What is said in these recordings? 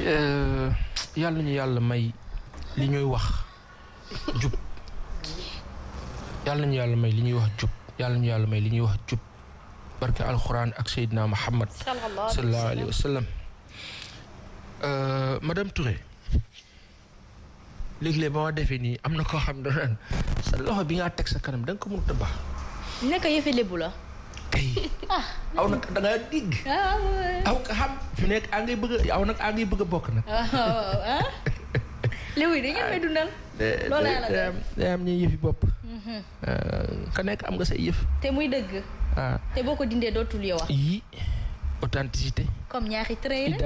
Euh, yàlla ñu yàlla may li ñuy wax jub yàlla ñu yàlla may li ñuy wax jub yàlla ñu yàlla may li ñuy wax jub barke alxuraan ak Seydina Muhammad sallallahu alayhi wa sallam euh, madame Touré léeg defee nii am na koo xam ne sa loxo bi nga teg sa kanam da nga ko mënut a baax. aw nag da ngaa digg. Ah, aw ka xam fi nekk à bëgg aw nag à bëgg a bokk nag. Ah, ah, léegi da ngeen may dundal. loolu la day am ñuy yëfi bopp. Mhm. ka nekk am nga say yëf. te muy dëgg. te boo ko dindee dootul yow wax. yii authenticité. comme ñaari traits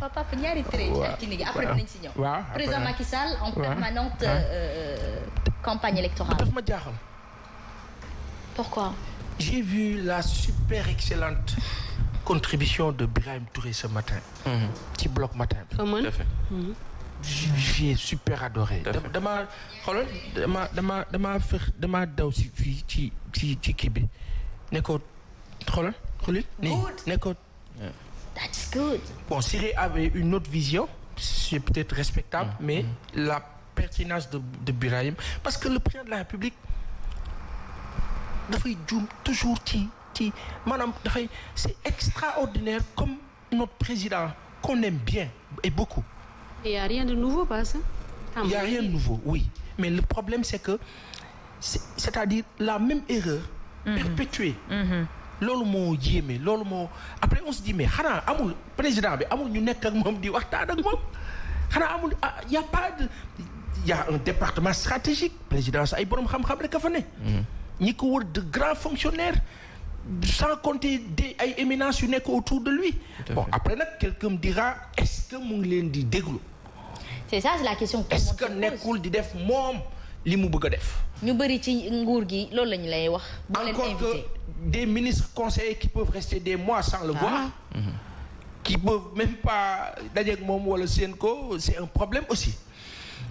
la papa ñaari traits yi. après dinañ si ñëw. waaw président Macky Sall en permanente euh, campagne électorale. pourquoi. j'ai vu la super excellente contribution de Birahim Touré ce matin. Mhm. ci bloc matin bi. tout à fait. Mhm. j'ai super adoré. dama ma dama dama fex dama daw si ci ci ci kii bi ne ko xoolal xoolal. nii vision. c'est peut-être respectable. Mm. mais mm. la pertinence de de parce que le président de la République. dafay juum toujours ci ci maanaam dafay c'est extraordinaire comme notre président qu'on aime bien et beaucoup. il y a rien de nouveau pas ça. a rien de mais le problème c'est que c'est, c'est-à-dire la même erreur. Mm-hmm. perpétuée. Mm-hmm. loolu moo yéeme loolu moo après on se dit mais xanaa amul président bi amul ñu nekk ak moom di waxtaan ak moom xanaa amul ah, y a pas de y a un département stratégique présidence ay boroom xam-xam rek a fa ne. Mm-hmm. ñi ko wër de grands fonctionnaires sans compter des ay éminences yu nekk autour de lui bon après nag quelqu'un me dira est-ce que mu ngi leen di déglu c'est ça c'est la question est-ce que nekkul di def moom li mu bëgg def ñu bëri ci nguur gi loolu lañu lay wax boo leen invité encore que des ministres conseillers qui peuvent rester des mois sans le ah. voir mm -hmm. qui peuvent même pas dajeeg moom wala seen ko c'est un problème aussi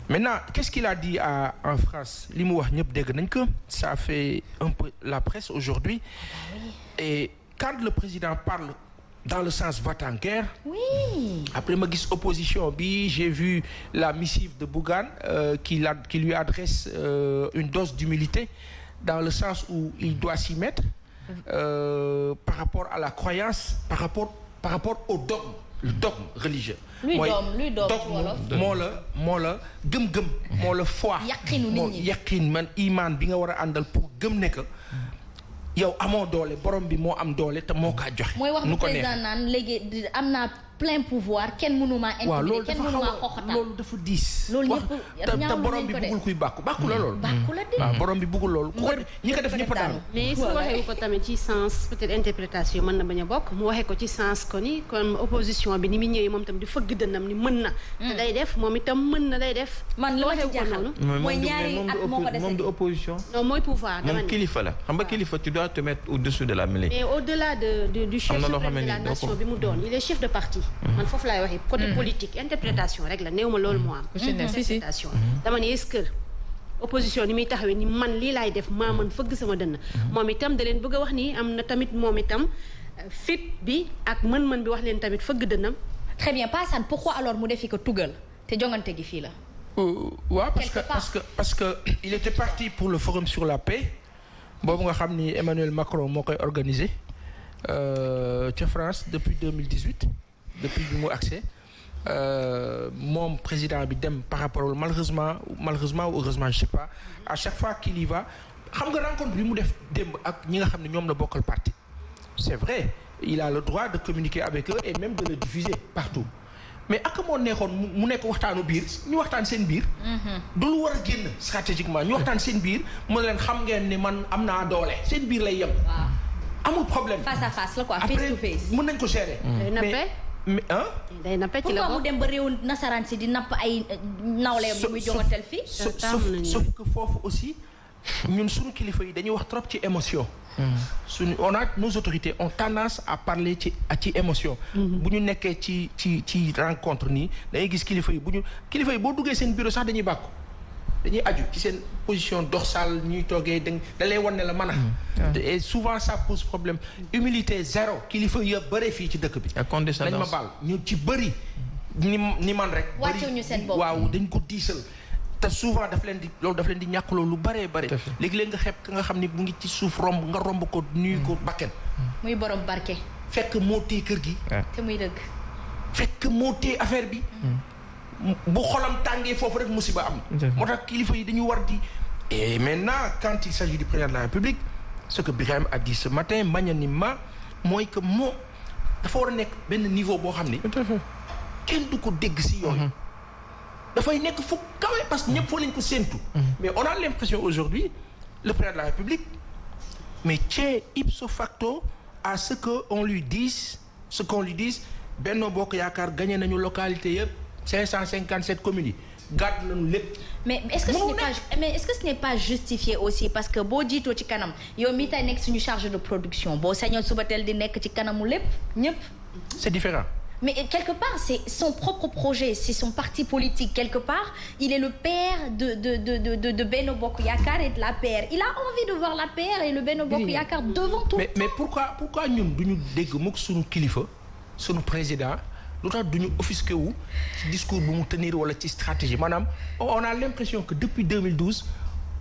maintenant qu'est-ce qu'il a dit à en France li mu wax ñëpp dégg nañ ko ça fait un peu la presse aujourd'hui et quand le président parle dans le sens va-t-en guerre oui après ma gis opposition bi j'ai vu la missive de Bougane euh, qui la qui lui adresse euh, une dose d'humilité dans le sens où il doit s'y mettre euh, par rapport à la croyance par rapport par rapport au dogme dogme religieux. mooy dogme moo la moo la gëm-gëm. moo la foi yaqinu nit ñi yaqin man imaan bi nga war a àndal pour gëm ne que yow amoo doole borom bi moo am doole te moo kaa joxe. ko neex mooy wax président naan léegi am naa plein pouvoir kenn mënuma intimider kenn mënuma xoxatal loolu dafa diis loolu yëpp te borom bi buggul kuy bàkku bàkku la loolu bàkku la de waaw borom bi buggul loolu ku ko ñi ko def ñëpp daanu mais mu waxee ko ci sens ko ni comme opposition bi ni mu ñëwee moom tam di fëgg dënnam ni mën na hmm. te day def moom itam mën na day def man la ma ci jaaxal mooy ñaari at moo moom du opposition non kilifa la xam nga kilifa tu dois te mettre au de la mêlée mais au-delà de du chef de la nation bi mu doon hmm. il est chef de parti man foofu laay waxee. côté politique interprétation rek la new ma loolu moo am. interprétation mhm. dama ne est que opposition ni muy taxawee ni man lii laay def maa man fëgg sama dënn. Mhm. moom itam da leen bëgg a wax nii am na tamit moom itam euh, fit bi ak mën-mën bi wax leen tamit fëgg dënnam. très bien Passane pourquoi alors mu defi ko tugal te jongante gi fii la. Euh, waaw parce que parce que parce que il était parti pour le forum sur la paix boobu nga xam ni Emmanuel Macron moo koy organisé euh, ca France depuis 2018 depuis bi mu accès euh, moom président bi dem par rapport malheureusement malheureusement ou heureusement je sais pas à chaque fois qu'il y va xam nga rencontre bi mu def démb ak ñi nga xam ne ñoom la bokkal parti c'est vrai il a le droit de communiquer avec eux et même de le diffuser partout mais ak moo neexoon mu nekk waxtaanu biir ñu waxtaan seen biir. Mhm. du lu war a génn stratégiquement ñu waxtaan seen biir mu leen xam ngeen ni man am naa doole seen biir lay yem. amul problème face à mën nañ ko gérer. mais ah. day nappe ci la mu dem ba réew nasaraan si di napp ay eh, nawleem yu muy jongantel fii. sauf que foofu aussi ñun suñu kilifa yi dañuy wax trop ci émotion. Hmm. suñu on a nos autorités ont tendance à parler ci ci émotion. Hmm. bu ñu nekkee ci ci ci rencontre nii dangay gis kilifa yi bu ñu kilifa yi boo duggee seen bureau sax dañuy bàkku. dañuy aju ci seen position doxal ñuy toogee da da lay wan ne la mën a mm-hmm. souvent ça pose problème humilité zéro kilifa yu bëri fii ci dëkk bi dañ ma baal ñu ci bëri ni ni man rek wàccuñu seen bopp waaw dañ ko diisal te souvent daf leen di loolu daf leen di ñàkk loolu lu bëree bëri léegi-léeg nga xeeb ka nga xam ni mu ngi ci suuf romb nga romb ko nuyu ko mm-hmm. bakken mm-hmm. muy borom barke fekk moo téye kër gi te muy dëgg fekk moo affaire bi bu xolam tàngee foofu rek musiba am. moo tax kilifa yi dañu war di. et maintenant quand il s'agit du président de la République ce que Birahim a dit ce matin magnanimement mooy que moo dafa war a nekk benn niveau boo xam ni. kenn du ko dégg si yooyu. Mm-hmm. dafay nekk fu kawe parce que ñëpp foo lañ ko séentu. Mm-hmm. mais on a l'impression aujourd'hui le président de la République mais tient ipso facto à ce que on lui dise ce qu'on lui dise Benno Bokk Yaakaar gagné nañu localité yëpp. ce que ce n'est pas mais est-ce que ce n'est pas boo jiitoo ci kanam yow mii nekk suñu charge de production boo sañoon suba teel di nekk ci kanamu lépp ñëpp. c'est différent. mais quelque part c'est son propre projet c'est son parti politique quelque part il est le père de de de de de Benno Bokk Yaakaar et de l'APR il a envie de voir l'APR et le Benno Bokk Yaakaar devant tout. mais mais pourquoi pourquoi ñun duñu dégg mukk suñu kilifa suñu président. lu tax du ñu offusqué wu ci discours bu mu tenir wala ci stratégie maanaam on a l'impression que depuis 2012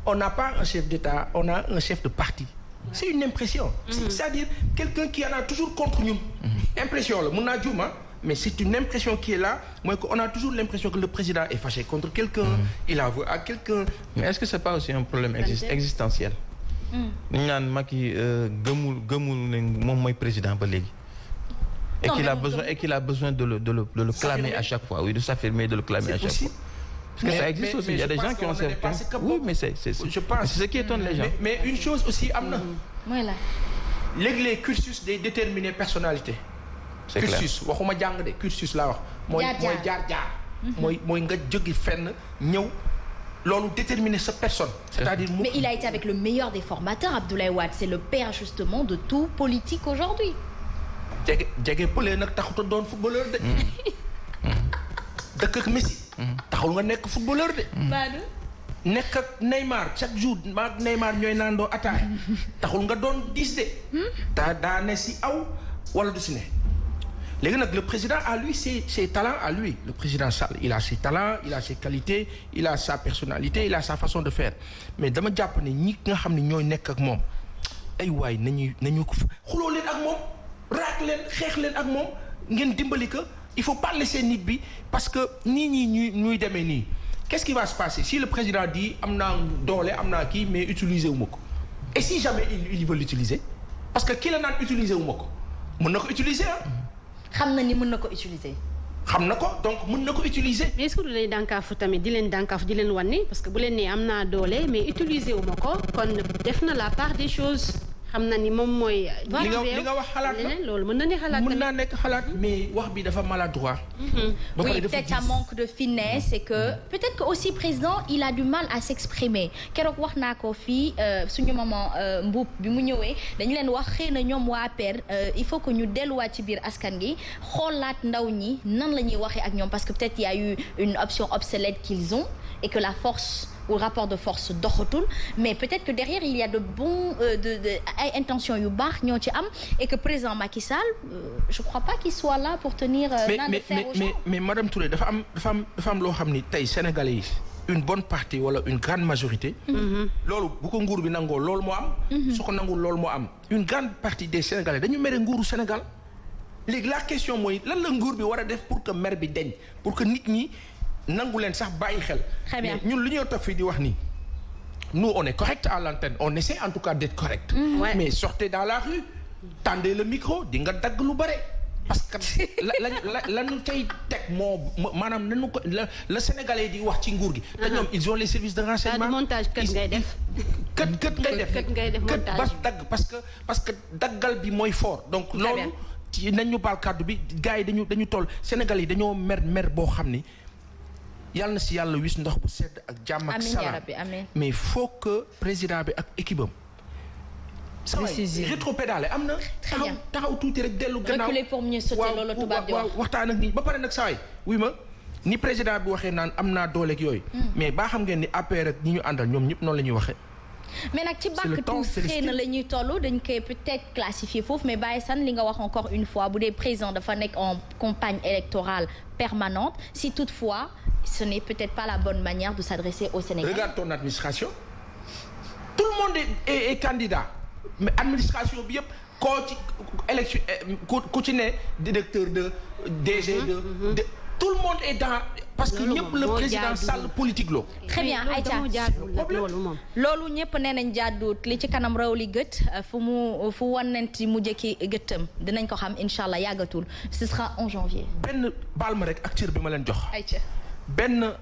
on a pas un chef d'État on a un chef de parti c'est une impression mm-hmm. c'est-à-dire quelqu'un qui en a toujours contre ñun mm-hmm. impression la mun naa juuma mais c'est une impression qui est là mooy que a toujours l'impression le président est fâché contre quelqu'un mm-hmm. il a avoué à quelqu'un mais est-ce que c'est pas aussi un problème existentiel dañu mm. naan Macky euh, gëmul gëmul ne moom mooy président ba léegi et qu'il a besoin et qu'il a besoin de le de le de le clamer à chaque fois oui de s'affirmer de le clamer à chaque fois. parce que ça existe aussi il y a des gens qui ont ces oui mais c'est c'est ce qui étonne les gens. mais une chose aussi am na. Mm. mooy la. léeg-léeg cursus day déterminer personnalité. c'est clair cursus waxuma jàng de cursus laa wax. mooy mooy jaar jaar. Mm-hmm. mooy mooy nga jógi fenn ñëw. loolu déterminer sa personne. c'est-à-dire mais il a été avec le meilleur des formateurs Abdoulaye Wade c'est le père justement de tout politique aujourd'hui jege jege pële nag taxut doon footballeur de. Mm. dëkk ak Messi. Mm. taxul nga nekk footballeur de. Mm. nekk ak Neymar chaque jour maag Neymar ñooy naandoo ataaya taxul nga doon diis de. Hmm? daa si aw wala du si ne. léegi nag le président a lui ses ses talents à lui le président Sall il a ses talents il a ses qualités il a sa personnalité il a sa façon de faire mais dama jàpp ne ñi nga xam ne ñooy nekk ak moom ay waay nañuy nañu ko xuloo leen ak moom. raak leen xeex leen ak moom ngeen dimbali que il faut pas laisser nit bi parce que nii ñii ñuy ñuy demee nii qu'est-ce qui va se passer si le président di am na doole am na kii mais utiliser wu ma ko e si jamais il il veut l'utiliser parce que ki la naan utiliser wu ma ko mën na ko utiliser ah. xam na ni mën na ko utiliser. xam na ko donc mun na ko utiliser. mais est-ce que du lay dànkaafu tamit di leen dànkaafu di leen wan parce que bu leen nee am na doole mais utiliser wu ma ko def na la part des choses. xam na ni moom mooy. li nga li nga wax xalaat la loolu mën na ni xalaat mën naa nekk xalaat mais wax bi dafa maladroit. Mm-hmm. ba pare dafa oui peut-être un manque de finesse c'est que peut-être que aussi président il a du mal à s'exprimer keroog wax naa ko fii euh, suñu maman euh, Mbuub bi mu ñëwee dañu leen wax xëy na ñoom waa APR euh, il faut que ñu delluwaat ci biir askan gi xoolaat ndaw ñi nan la ñuy waxee ak ñoom parce que peut-être il y a eu une option obsolète qu'ils ont et que la force. ou rapport de force doxatul mais peut-être que derrière il euh, ay intentions yu baax ñoo ci am et que président Macky Sall euh, je crois pas qu'il soit là pour tenir euh, mais mais mais, mais mais madame am dafa loo xam ni tey sénégalais yi une bonne partie wala une grande majorité. Mhm. loolu bu ko nguur bi nangoo loolu moo am. Mhm. su ko nangu loolu moo am. une grande partie des sénégalais dañu mere nguuru Sénégal léegi la question mooy lan la nguur bi war a def pour que mer bi deñ pour que nit ñi. nangu leen sax bàyyi xel. très bien ñun lu ñoo toog fii di wax nii. nous on est correct à l'antenne on essaie en tout cas d'être correct. Mmh, ouais. mais sortez dans la rue. tendez le micro di nga dagg lu bare. parce que la la la lañu cay teg moo maanaam nañu ko la la sénégalais di wax ci nguur gi. te ñoom uh-huh. ils ont les services de renseignement. montage kët ngay def. kët ngay def kët ngay def montage bas dagg parce que parce que daggal bi mooy fort. donc loolu ci nañ ñu baal kàddu bi gars yi dañu dañu toll Sénégal yi dañoo mer mer boo xam ni. yàlla na si yàlla wis ndox bu sedd ak jàmm ak salaam mais faut que président bi ak équipe am décision rétropédale am na. taxaw taxaw tuuti rek dellu gannaaw reculer pour mieux sauter loolu tubaab di wax waaw waxtaan ak nii waxee naan am naa dooleeg yooyu. Hmm. mais baa xam ngeen ni APR ak ñi ñu àndal ñoom ñëpp noonu la ñuy waxee. mais nag ci bàkk tuus na la ñuy toll dañ koy peut-être classifié foofu mais Baye San li nga wax encore une fois bu dee président dafa nekk en campagne électorale permanente si toutefois. ce n'est peut-être pas la bonne manière de s'adresser aux Sénégalais. Regarde ton administration. Tout le monde est, est, est candidat. Mais administration bi yëpp koo ci élection eh, ku ci ne directeur de DG mhm, de, mhm. de tout le monde est dans parce que ñëpp le président Sall politique loo très bien Aïcha loolu ñëpp nee nañ jaaduwut li ci kanam raw li gët euh, fu mu fu wannanti mu jëkki gëttam dinañ ko xam incha allah yàggatul ce sera en janvier benn baal ma rek acteur bi ma leen jox Aïcha benn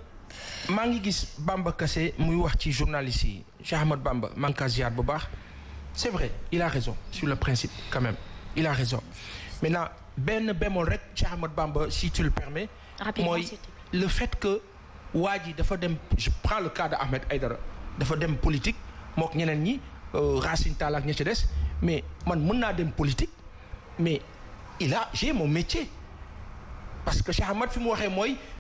maa ngi gis Bamba kase muy wax ci journaliste yi Cheikh Ahmad Bamba maa bu baax c'est vrai il a raison sur le principe quand même il a raison maintenant benn bémol rek Cheikh Ahmad Bamba si tu le permets mooy le fait que waa ji dafa dem je prends le cas de Ahmed Aïdara dafa dem politique mook ñeneen ñi euh, Racine Talla ak ña ci des mais man mën naa dem politique mais il a j'ai mon métier parce que Cheikh fi mu waxee mooy